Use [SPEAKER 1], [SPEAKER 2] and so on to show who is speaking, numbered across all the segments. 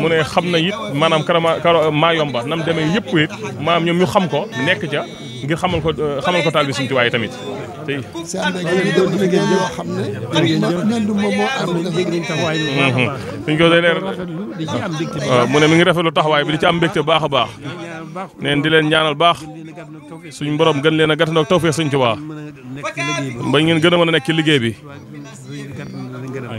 [SPEAKER 1] mu ne xam na it maanaam karama maa yomba nam deme yëpp it maam ñoom ñu xam ko nekk ca ngir xamal ko euh, xamal ko taal bi suñu ci waaye tamit tey.
[SPEAKER 2] xam ne dañ
[SPEAKER 1] mmh. ko day leer mu ne mi ngi rafetlu taxawaay bi di ci am mbégte baax a baax neen di leen ñaanal baax suñu borom gën leen a gàttandoog tawfeex suñ ci waa ba ngeen gën a mën a nekk ci liggéey bi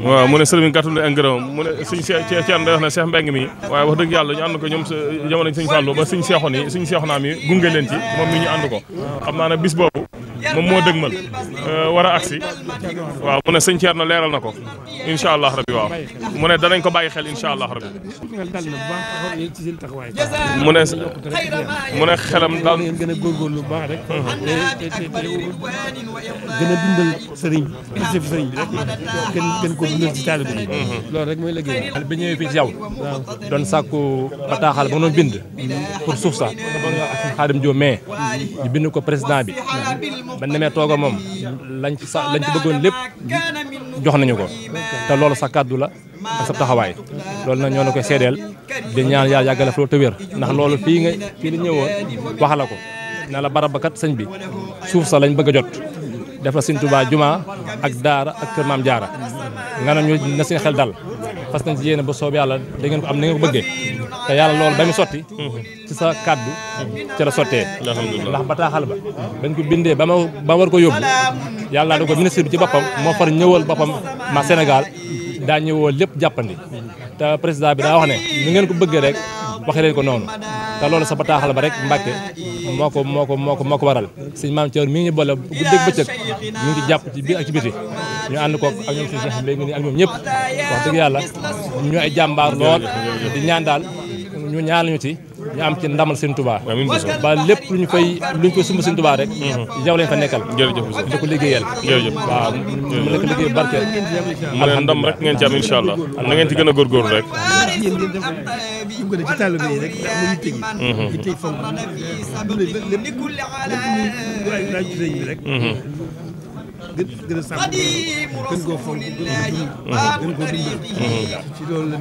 [SPEAKER 1] waaw mu ne sëriñ bi gàttul ak ngërëmam mu ne suñ Ceerno day wax ne Seex Mbeng mi waaye wax dëgg yàlla ñu ànd ko ñoom jamono sëñ Fàllu ba suñ seexoon yi suñ seexonaam yi gunge ci moom mi ñu ànd ko xam naa ne bis boobu moom moo dëgmal euh, war a agsi waaw mu ne sëñ Thierno leeral na ko incha allah rabi waaw mu ne danañ ko bàyyi xel incha allah rabi mu ne xelam daal gën a góorgóorlu bu baax rek
[SPEAKER 3] gën a dundal sëriñ mhm. loolu rek mooy liggéey bi ñëwee fii ci yow doon sàkku bataaxal ba nga bind pour suuf sa xaadim joo mais ñu bind ko président bi bañ demee toog moom lañ ci sa lañ ci bëggoon lépp jox nañu ko te loolu sa kàddu la sa taxawaay loolu nag ñoo na koy seedeel di ñaan yàlla yàggale fa te ndax loolu fii nga fii ni ñëwoon wax la ko nala la barab ba kat sëñ bi suuf sax lañ bëgg a jot def la Sëñ jumaa ak daara ak kër Maam Jaara nga ne ñu na seen xel dal fas nañ ci yéene soob yàlla da ngeen ko am ni nga ko bëggee te yàlla loolu ba mu sotti ci sa kàddu ci la sottee ndax bataaxal ba bañ ko bindee ba ma ba war ko yóbbu yàlla da ko ministre bi ci boppam moo far ñëwal boppam ma Sénégal daa ñëwoo lépp jàppandi te président bi daa wax ne ni ngeen ko bëggee rek waxee leen ko noonu te loolu sa bataaxal ba rek Mbàkke moo ko moo ko moo ko moo ko waral sëñ maam Thior mi ngi ñu boole guddeeg bëccëg mi ngi jàpp ci biir ak ñu ànd koog ak ñoom si si xam léegi nii ak ñëpp wax dëgg ñu ay jàmbaar lool ñaan daal ñu ñaan ñu ci ñu am ci ndam ndamal seen tubaa ba lépp lu ñu koy lu ñu fay sumb seen tubaa rek mm-hmm. yow lañ fa nekkal jërëjëf di ko liggéeyal jërëjëf waaw mu nekk liggéey barkeel mu ne
[SPEAKER 1] ndam rek ngeen ci am insha allah a góorgóorlu rek mm-hmm. Mm-hmm. yéen ngeen
[SPEAKER 4] def dugg na gën gën koo ci loolu la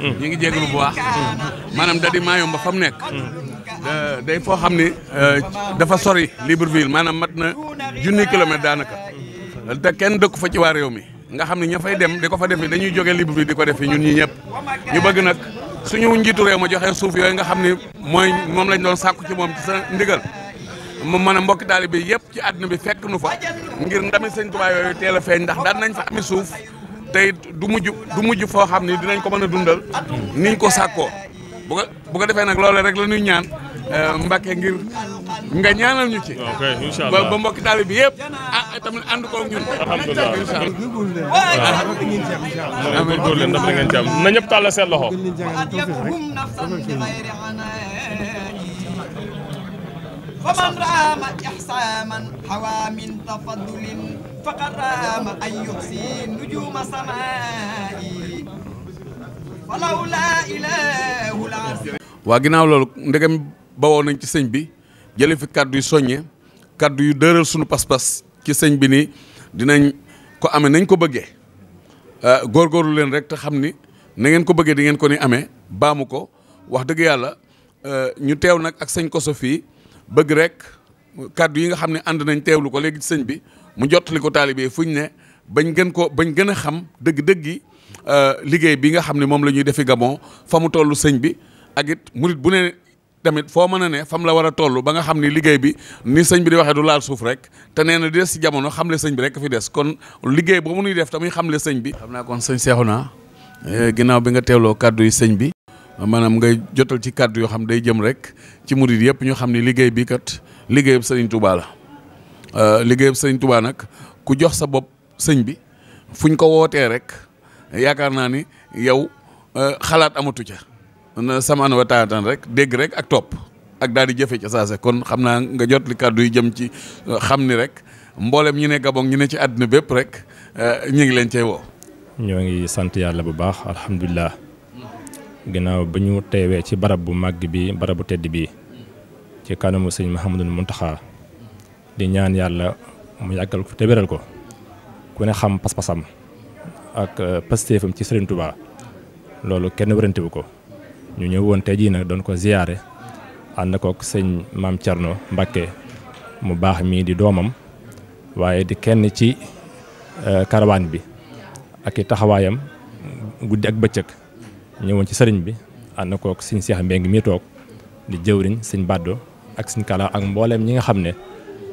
[SPEAKER 4] mm. ñu ngi jégalu bu baax mm. maanaam da di Mayumba fa mu nekk day foo xam ne euh, dafa sori Libreville maanaam mat na junni kilomètre daanaka te kenn dëkk fa ci waa réew mi nga xam ni ña fay dem di ko fa defi dañuy jógee Libreville di ko defi ñun ñi ñëpp ñu bëgg nag suñu njiitu réew ma joxe suuf yooyu nga xam ni mooy moom lañ doon sàkku ci moom sa ndigal mu mën a mbokki bi yëpp ci àdduna bi fekk nu fa ngir ndami sëñ Tuubaa yooyu teel a feeñ ndax daan nañ fa ami suuf tey du mujj du mujj foo xam ni dinañ ko mën a dundal niñ ko sàkkoo bu ko bu ko defee nag loolu rek la ñuy ñaan euh, Mbàkke ngir nga ñaanal ñu ci ba ba mbokki taalibe bi yëpp ah tamit ànd ko ñun alhamdulilah
[SPEAKER 1] góorgóorlu leen ndax da ngeen ci am na ñëpp tàllal seen loxo
[SPEAKER 2] فمن رام
[SPEAKER 4] إحساما حوى من تفضل فقد رام أن يحصي نجوم سمائي فلولا إله waa ginnaaw loolu ndegam bawoo nañ ci sëñ bi jële fi kàddu yu soññe kàddu yu dëral sunu pas-pas ci sëñ bi nii dinañ ko ame nañ ko bëggee euh, góorgóorlu leen rek te xam ni na ngeen ko bëggee di ngeen ko ni amee baamu ko wax dëgg yàlla euh, ñu teew nag ak sëñ Koso fii bëgg rek kàddu yi nga xam ne ànd nañ teewlu ko léegi sëñ bi mu jottali ko taalibe fu ñu ne bañ gën ko bañ gën a xam dëgg-dëgg euh, liggéey bi nga xam ne moom la ñuy defi Gabon fa mu toll sëñ bi ak it murit bu ne tamit foo mën a ne fam la war a toll ba nga xam ni liggéey bi ni sëñ bi di waxee du laal suuf rek te nee na di des si jamono xam le sëñ bi rek a fi des kon liggéey boobu nuy def tamuy xam le sëñ bi xam naa kon sëñ Seexuna eh, ginnaaw bi nga teewloo kàddu yi sëñ bi maanaam ngay jotal ci kàddu yoo xam day jëm rek ci murid yëpp ñu xam ni liggéey bi kat bu sëriñ Touba la euh, liggéeyub sëriñ Touba nag ku jox sa bopp sëñ bi fuñ ko wootee rek yaakaar naa ni yow euh, xalaat amatu ca na samaan wa rek dégg rek ak topp ak daal di jëfe ca saase kon xam naa nga jot li kàddu yi jëm ci euh, xam ni rek mboolem ñi ne Gabon ñi ne ci àdduna bépp rek ñu ngi leen cey woo.
[SPEAKER 3] ñoo ngi sant yàlla bu baax alhamdulilah. ginnaaw ba ñu teewee ci barab bu màgg bi barabu tedd bii ci kanamu sëñ Mouhamadou Mountakha di ñaan yàlla mu yàggal ko te wéral ko ku ne xam pas-pasam ak euh, pastéefam ci Serigne Touba loolu kenn wérantewu ko ñu ñëw woon tey jii nag doon ko ziyaare ànd kook sëñ maam Thierno Mbacke mu baax mii di doomam waaye di kenn ci karawaan euh, bi ak i taxawaayam guddi ak bëccëg. ñëwoon ci sëriñ bi ànd kook sëñ Seex Mbeng mi toog di jëwriñ sëñ Baddo ak sëñ Kala ak mbooleem ñi nga xam ne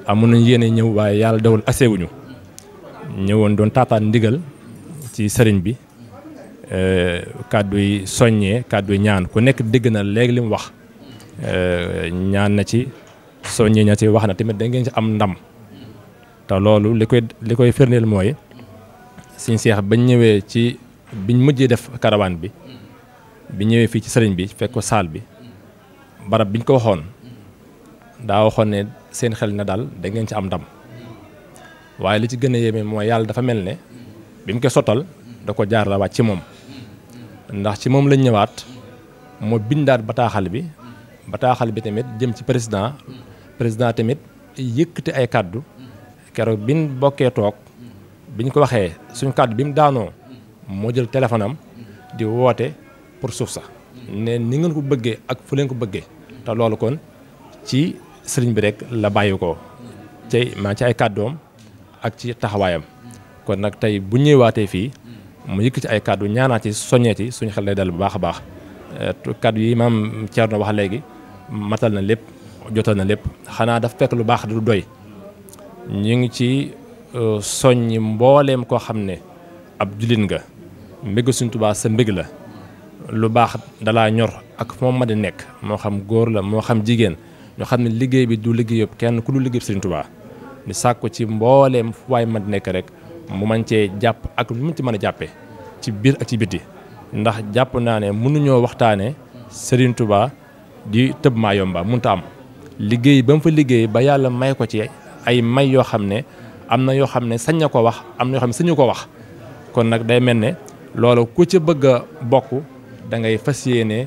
[SPEAKER 3] amoon nañ yéene ñëw waaye yàlla dawul asewuñu ñëwoon doon taataan ndigal ci sëriñ bi euh, kàddu yi soññee kàddu yi ñaan ku nekk dégg na léegi li mu wax euh, ñaan na ci soññee ña ci wax na tamit da ngeen ci am ndam te loolu li koy li mooy sëñ Seex bañ ñëwee ci biñ mujjee def karawaan bi bi ñëwee fii ci sëriñ bi fekk ko saal bi barab biñ ko waxoon daa waxoon ne seen xel na daal da ngeen ci am ndam waaye li ci gën a yéeme mooy yàlla dafa mel ne bi mu ko sottal da ko jaar la waat ci moom ndax ci moom lañ ñëwaat moo bindaat bataaxal bi bataaxal bi tamit jëm ci président président tamit yëkkati ay kàddu keroog biñ bokkee toog biñ ko waxee suñ kàddu bi mu daanoo moo jël téléphone am di woote pour suuf sax ne ni ngeen ko bëggee ak fu leen ko bëggee te loolu kon ci sëriñ bi rek la bàyyi ko ci maa ci ay kàddoom ak ci taxawaayam kon nag tey bu waatee fii mu yëkk ci ay kàddu ñaanaat ci soññee ci suñu xel lay dal bu baax a baax eh, kàddu yi maam Thierno wax léegi matal na lépp jotal na lépp xanaa dafa fekk lu baax du doy ñu ngi ci eh, soññ mbooleem koo xam ne ab jullit nga mbëgg suñ tubaa sa mbëgg la lu baax dalaa ñor ak fu ma di nekk moo xam góor la moo xam jigéen ñoo xam ne liggéey bi du liggéey yëpp kenn ku du liggéey Sëriñ Tuubaa di sàkku ci mbooleem fu waay ma di nekk rek mu man cee jàpp ak lu mu ci mën a jàppee ci biir ak ci ndax jàpp naa ne mënuñoo waxtaane Sëriñ Tuubaa di tëb maa yomba munta am liggéey ba mu fa liggéey ba yàlla may ko ci ay may yoo xam ne am na yoo xam ne sañ na ko wax am na yoo xam ne sañu ko wax kon nag day mel ne loolu ku ci bëgg a bokk da ngay fas yéene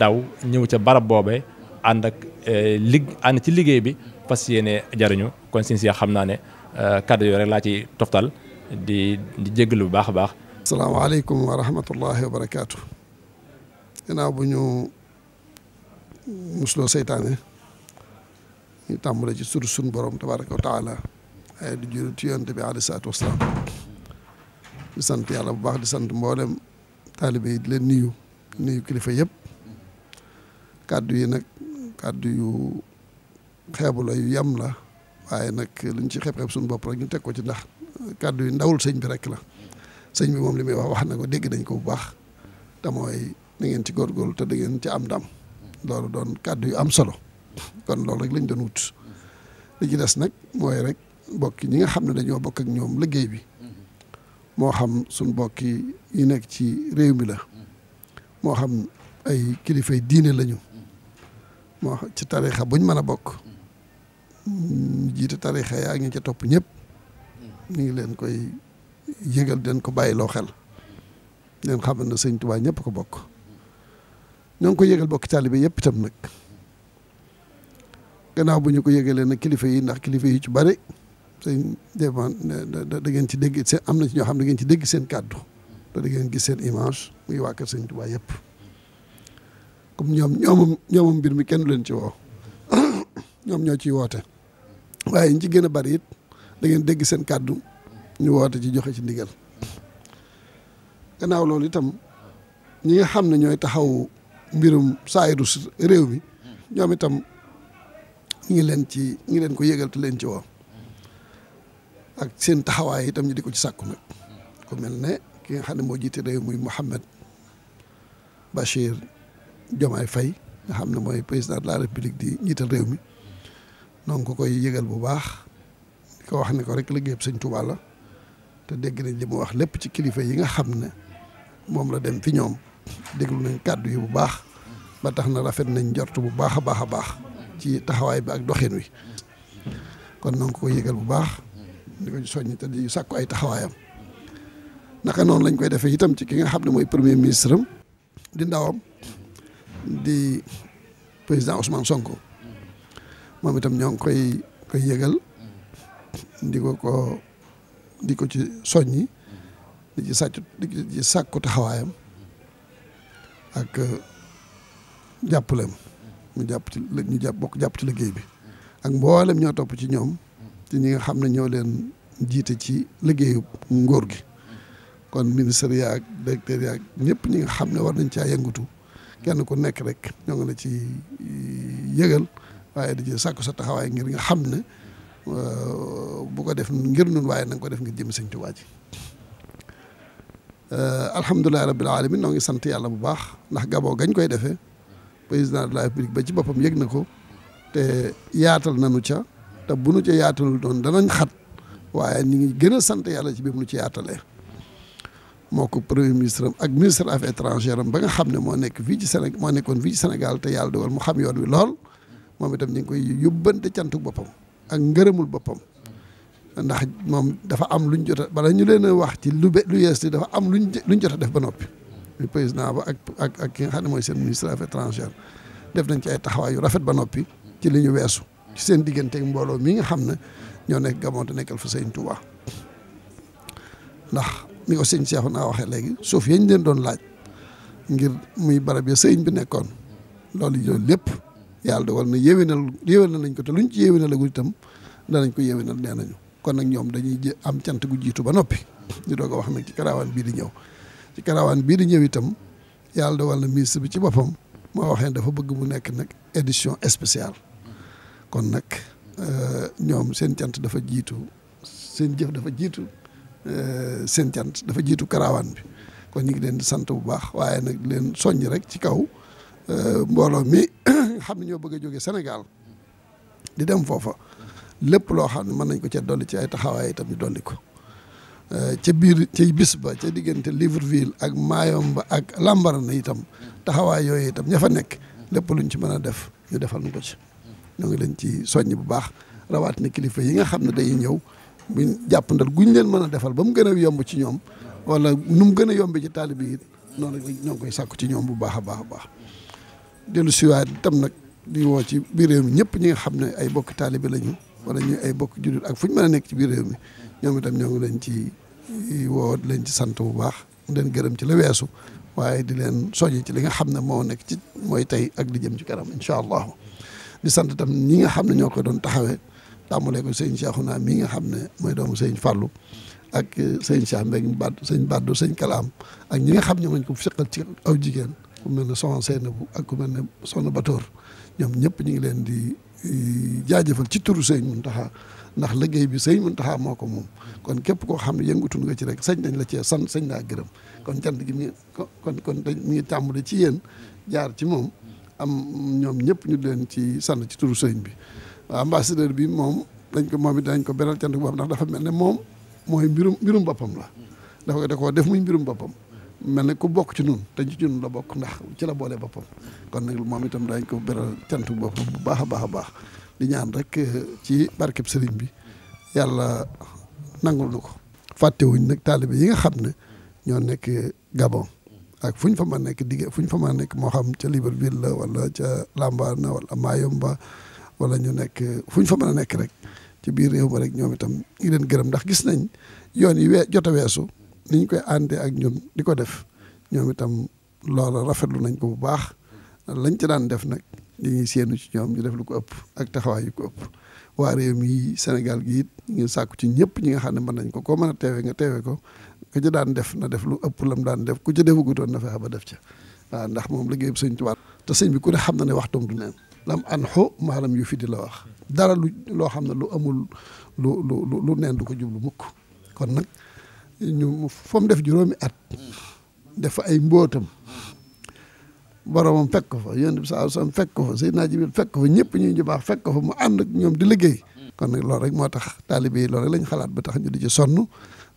[SPEAKER 3] daw ñëw ca barab boobe ànd ak eh, lig ànd ci liggéey bi fas yéene jariñu kon sin si xam naa ne eh, kàddu yooyu rek laa ci toftal di di jégalu bu baax a baax. asalaamaaleykum wa
[SPEAKER 2] rahmatullahi wa barakaatu. ginnaaw ci sur sun borom tabaraka ay di jur yonte bi alayhi salaatu wasalaam di sant yàlla bu baax di sant mboolem taalibe yi di leen nuyu nuyu kilifa yëpp kàddu yi nag kàddu yu xeebu la yu yam la waaye nag luñ ci xeeb-xeeb suñu bopp rek ñu teg ci ndax kàddu yu ndawul sëñ bi rek la sëñ bi moom li muy wax wax na ko dégg dañ ko bu baax te mooy da ngeen ci góorgóorlu te dangeen ngeen ci am ndam loolu doon kàddu yu am solo kon loolu rek lañ doon wut li ci des nag mooy rek mbokk ñi nga xam ne dañoo bokk ak ñoom liggéey bi moo xam suñ mbokk yi nekk ci réew mi la moo xam ay kilifay diine lañu moo xam ci tarixa buñ man a bokk jiite tarixa yaa ngi ca topp ñëpp ñu ngi leen koy yëgal den ko bàyyi loo xel leen xam na sëñ Tuubaa ñëpp ko bokk ñoo ngi ko yëgal bokk taalibe yëpp itam nag gannaaw bu ñu ko yëgalee nag kilifa yi ndax kilifa yi ci bari sëñ Demba da ngeen ci dégg seen am na ci ñoo xam ne da ngeen ci dégg seen kàddu te da ngeen gis seen image muy waa kër sëñ Tuubaa yëpp comme ñoom ñoomam mbir mi kenn du leen ci woo ñoom ñoo ciy woote waaye ñi ci gën a bari it da dégg seen kàddu ñu woote ci joxe ci ndigal gannaaw loolu itam ñi nga xam ne ñooy taxaw mbirum saayiru réew mi ñoom itam ñu ngi leen ci ñu ngi leen ko yëgal leen ci woo ak seen taxawaay itam ñu di ko ci sàkku nag mel ne ki nga xam ne moo jiite réew muy Mouhamed Bachir Diomaye Faye nga xam ne mooy président de la république di jiital réew mi donc koy yëgal bu baax wax ne ko rek liggéeyub sëñ Tuubaa la te dégg nañ li wax lépp ci kilifa yi nga xam ne moom la dem fi ñoom déglu nañ kàddu yi bu baax ba tax na rafet nañ njort bu baax a baax a baax ci taxawaay bi ak doxin wi kon na ko koy yëgal bu baax di ko soññ te di sàkku ay taxawaayam naka noonu lañ koy defee itam ci ki nga xam ne mooy premier ministre am di ndawam di président Ousmane Sonko moom itam ñoo ngi koy koy yëgal di ko ko di ko ci soññi di ci sàcc di ci sàkku taxawaayam ak uh, jàppaleem mu jàpp ci ñu jàpp bokk jàpp ci liggéey bi ak mboolem ñoo topp ci ñoom ci ñi nga xam ne ñoo leen jiite ci liggéeyu ngóor gi kon ministre yaak directeur yaak ñëpp ñi nga xam ne war nañ caa yëngatu kenn ko nekk rek ñoo ngi la ci eh, yëgal waaye di ci sàkku sa taxawaay ngir nga xam ne eh, bu ko def ngir nun waaye na nga ko def ngir jëm Sëñ Tuubaa ji eh, alhamdulilah rabbil alamin noo ngi sant yàlla bu baax ndax gaboo gañ koy defee président de république ba ci boppam yëg na ko te yaatal nanu ca te bu nu ca yaatalul doon danañ xat waaye ñu ngi gën a sant yàlla ci bi mu nu ci yaatalee moo ko premier ministre ak ministre affaires étrangères am ba nga xam ne moo nekk fii ci Sénégal moo nekkoon fii ci te yàlla dogal mu xam yoon wi lool moom itam ñu ngi koy yóbbante cantu boppam ak ngërëmul boppam ndax moom dafa am luñ jot a bala ñu leen a wax ci lu be lu yees li dafa am luñ luñ jot a def ba noppi lu président ba ak ak ak ki nga mooy seen ministre affaires étrangères def nañ ci ay taxawaay yu rafet ba noppi ci li ñu weesu ci seen digganteek mbooloo mi nga xam ne ñoo nekk Gabon nekkal fa Sëñ Tuubaa ni ko sëñ Cheikh naa waxee léegi suuf yañ leen doon laaj ngir muy barab ya sëriñ bi nekkoon loolu yooyu lépp yàlla dogal na yéwénal yéwénal nañ ko te ñu ci yéwénal agul itam danañ ko yéwénal nee nañu kon nag ñoom dañuy am cant gu jiitu ba noppi di doog wax nag ci karawaan bii di ñëw ci karawaan bii di ñëw itam yàlla dogal na ministre bi ci boppam moo waxee dafa bëgg mu nekk nag édition spéciale kon nag euh, ñoom seen cant dafa jiitu seen jëf dafa jiitu Euh, seen cant dafa jiitu karawaan bi kon ñu ngi leen di sant bu baax waaye nag leen soññ rek ci kaw euh, mbooloo mi xam ne ñoo bëgg a jóge Sénégal di dem foofa lépp loo xam ne mën nañ ko cee dolli ci ay taxawaay itam ñu dolli ko euh, ca biir ca bis ba ca diggante Libreville ak Mayomba ak Lambaréné itam taxawaay yooyu itam ña fa nekk lépp lu luñ ci mën a def ñu defal ñu ko ci ñoo ngi leen ci soññ bu baax rawaat na kilifa yi nga xam ne dañuy ñëw jàpp ndal guñ leen mën a defal ba mu gën a yomb ci ñoom wala nu mu gën a yomb ci taalibe yi noonu ñoo ngi koy sàkku ci ñoom bu baax a baax a baax dellu siwaat tam nag di woo ci biir réew mi ñëpp ñi nga xam ne ay bokk taalibe lañu wala ñu ay bokk jullit ak fu ñu mën a nekk ci biir réew mi ñoom ñoo leen ci woo leen ci sant bu baax leen gërëm ci la weesu waaye di leen soññ ci li nga xam ne moo nekk ci mooy tey ak di jëm ci kanam incha allah di sant tam ñi nga xam ne ñoo ko doon taxawee tàmbalee ko sëñ Cheikhouna mii nga xam ne mooy doomu sëñ Fallou ak euh, sëñ Cheikh Mbengue Bad sëñ Badou sëñ Kalaam ak ñi nga xam ñoom lañ ko seqal ci aw jigéen ku mel ne Soxna Seynabou ak ku mel ne Soxna Batoor ñoom ñëpp ñu ngi leen di jaajëfal ci turu sëñ Mountakha ndax liggéey bi sëñ Mountakha moo ko moom kon képp koo xam ne yëngatu nga ci rek sañ nañ la cee sant sañ naa gërëm kon cant gi mi kon kon dañ mi ngi tàmbale ci yéen jaar ci moom am ñoom ñëpp ñu leen ci sant ci turu sëñ bi ambassadeur bi moom dañ ko moom it dañ ko beral cant boobu ndax dafa mel ne moom mooy mbirum mbirum boppam la dafa da def muy birum boppam mel ne ku bokk ci nun te ci nun la bokk ndax ci la boole boppam kon nag moom itam dañ ko beral cant boppam bu baax a baax a baax di ñaan rek eh, ci barkeb sëriñ bi yàlla nangul na ko wuñ nag taalibe yi nga xam ne ñoo nekk Gabon ak fu fa ma nekk digge fu ñu fa ma nekk moo xam ca Libreville la wala ca Lambaréné wala Mayumba wala ñu nekk fuñ fa mën a nekk rek ci biir réew ma rek ñoom itam ñu ngi leen gërëm ndax gis nañ yoon yi wee jot weesu ni koy àndee ak ñun di ko def ñoom itam loola rafetlu nañ ko bu baax lañ ci daan def nag li ñuy séenu ci ñoom ñu def ko ëpp ak taxawaay yu ko ëpp waa réew ñu sàkku ci ñëpp ñi nga xam ne mën nañ ko koo mën a teewe nga teewe ko ku ci daan def na def lu ëpp la mu daan def ku ci defagutoon na fexe ba def ca waaw ndax moom liggéey bi sëñ Tuubaa te sëñ bi ku ne xam na ne waxtoom du neen lam anxu maalam yu fi di la wax dara lu loo xam ne lu amul lu lu lu neen du ko jublu mukk kon nag ñu fa mu def juróomi at def ay mbootam boromam fekk ko fa yonent bi saa sam fekk ko fa Seydina Jibril fekk fa ñëpp ñuy ñu baax fekk ko fa mu ànd ak ñoom di liggéey kon nag loolu rek moo tax taalibe yi loolu rek lañ xalaat ba tax ñu di ci sonn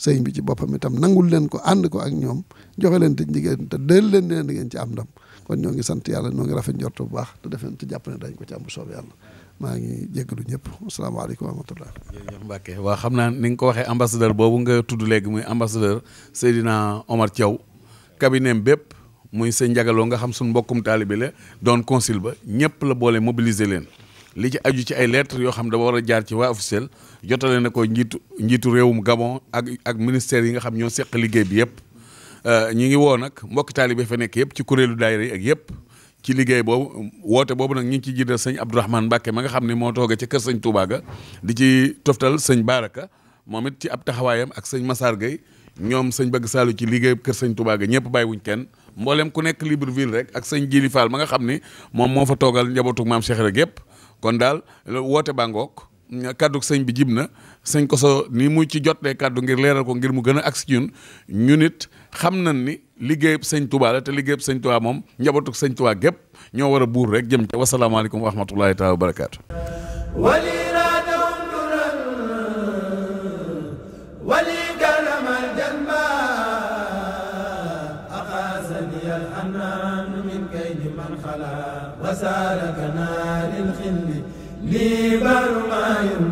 [SPEAKER 2] sëñ bi ci boppam itam nangul leen ko ànd ko ak ñoom joxe leen te jigéen te del leen ne da ci am ndam kon ñoo ngi sant yàlla ñoo ngi rafet njort bu baax te defe te jàpp ne dañ ko ci am bu soobee yàlla maa ngi jéggalu ñëpp asalaamaaleykum wa rahmatullah
[SPEAKER 4] jërëjëf Mbacke waaw xam naa ni nga ko waxee ambassadeur boobu nga tudd léegi muy ambassadeur Seydina Omar Thiaw cabinet bépp muy sëñ njagaloo nga xam suñ mbokkum taalibe la doon consul ba ñëpp la boole mobiliser leen li ci aju ci ay lettres yoo xam dafa war a jaar ci waa officiel jotale na ko njiitu njiitu réewum Gabon ak ak ministère yi nga xam ñoo seq liggéey bi yëpp euh, ñi ngi woo nag mbokki taalibe fa nekk yëpp ci kuréelu daayira yi ak yëpp ci liggéey boobu woote boobu nag ñu ngi ci jiital sëñ Abdourahmane Mbacke ma nga xam ne moo tooge ca kër sëñ Touba ci toftal sëñ Baraka moom it ci ab taxawaayam ak sëñ Massar Gueye ñoom sëñ Bëgg Saalu ci liggéey kër sëñ Touba ga ñëpp bàyyiwuñ kenn mboolem ku nekk Libreville rek ak sëñ Jili Fall ma nga xam ne moom moo fa toogal njabootu maam Cheikh rek yëpp kon daal woote baa ngoog kàddu sëñ bi jib na sëñ Kosso ni mu ci jotee kàddu ngir leeral ko ngir mu gën a agsi ci xam nañ ni liggéeyub sëñ Touba la te liggéeyub sëñ Touba moom njabootu sëñ Touba gépp ñoo war a buur rek jëm ca wasalaamaaleykum wa rahmatullahi taala wa barakaatu. وسالكنا li barmayu